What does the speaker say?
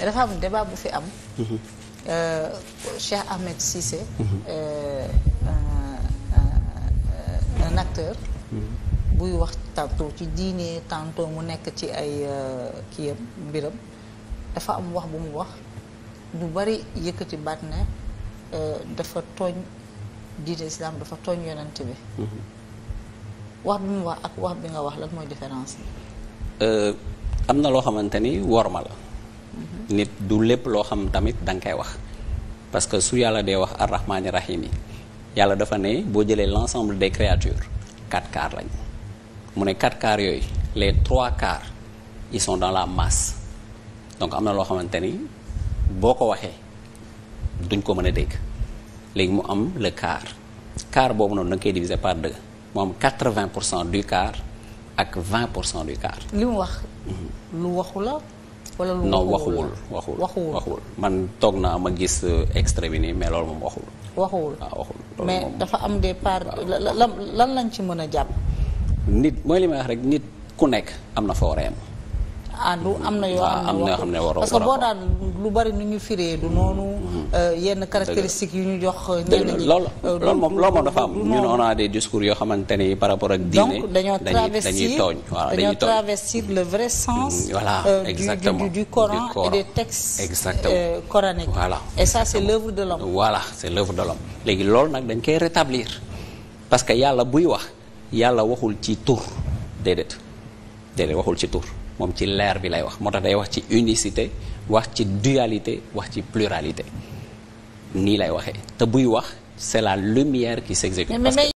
mais dafa am débat bu fi am. Mhm. Euh, Cheikh Ahmed Cissé. Mhm. Euh, un acteur. Mhm. buy wax tantôt ci diine tantôt mu nekk ci ay euh, kiyam mbiram dafa am wax bu mu wax ñu bari yëkkati baat ne dafa tooñ diine islam dafa tooñ yonent bi. wax bi mu wax ak wax bi nga wax lan mooy différence bi. am na loo xamante ni worma la. nit du lépp loo xam tamit danga nga koy wax parce que su yàlla dee wax arrahmaani rahim yi yàlla dafa ne boo jëlee l' ensemble des créatures quatre quarts lañ mu ne quatre quarts yooyu les trois quarts ils sont dans la masse donc am na loo xamante ni boo ko waxee duñ ko mën a dégg léegi mu am le quart quart boobu noonu da nga koy diviser par deux mu am quatre-vingt pour cent du quart ak vingt pour cent du quart. li mu wax mhm. lu waxu la. wala lu non waxuwul waxuwul waxuwul waxuwul man toog naa ma gis uh, extrait bi nii mais loolu moom waxuwul waxuwul ah, mais dafa am des parts lan lañ ci mën a jàpp nit mooy li may wax rek nit ku nekk am na fa àndu am na yoo am na yoo xam ne parce que boo daan lu bari nu ñu firee du noonu mm-hmm. euh, yenn caractéristiques yu ñu jox ñenn ñi loolu euh, loolu moom loolu dafa am ñun on a des discours yoo xamante ni par rapport ak diine donc dañoo travestir dañuy tooñ voilà dañuy tooñ travestir le vrai sens mm-hmm. voilà euh, exactement du Coran et des textes exactement coraniques voilà et ça c'est l'œuvre de l'homme voilà c'est l'œuvre de l'homme léegi lool nag dañ koy rétablir parce que yàlla buy wax yàlla waxul ci tur déedéet déedéet waxul ci tur moom ci leer bi lay wax moo tax day wax ci unicité wax ci dualité wax ci pluralité nii lay waxee te buy wax c'est la lumière qui s'exécute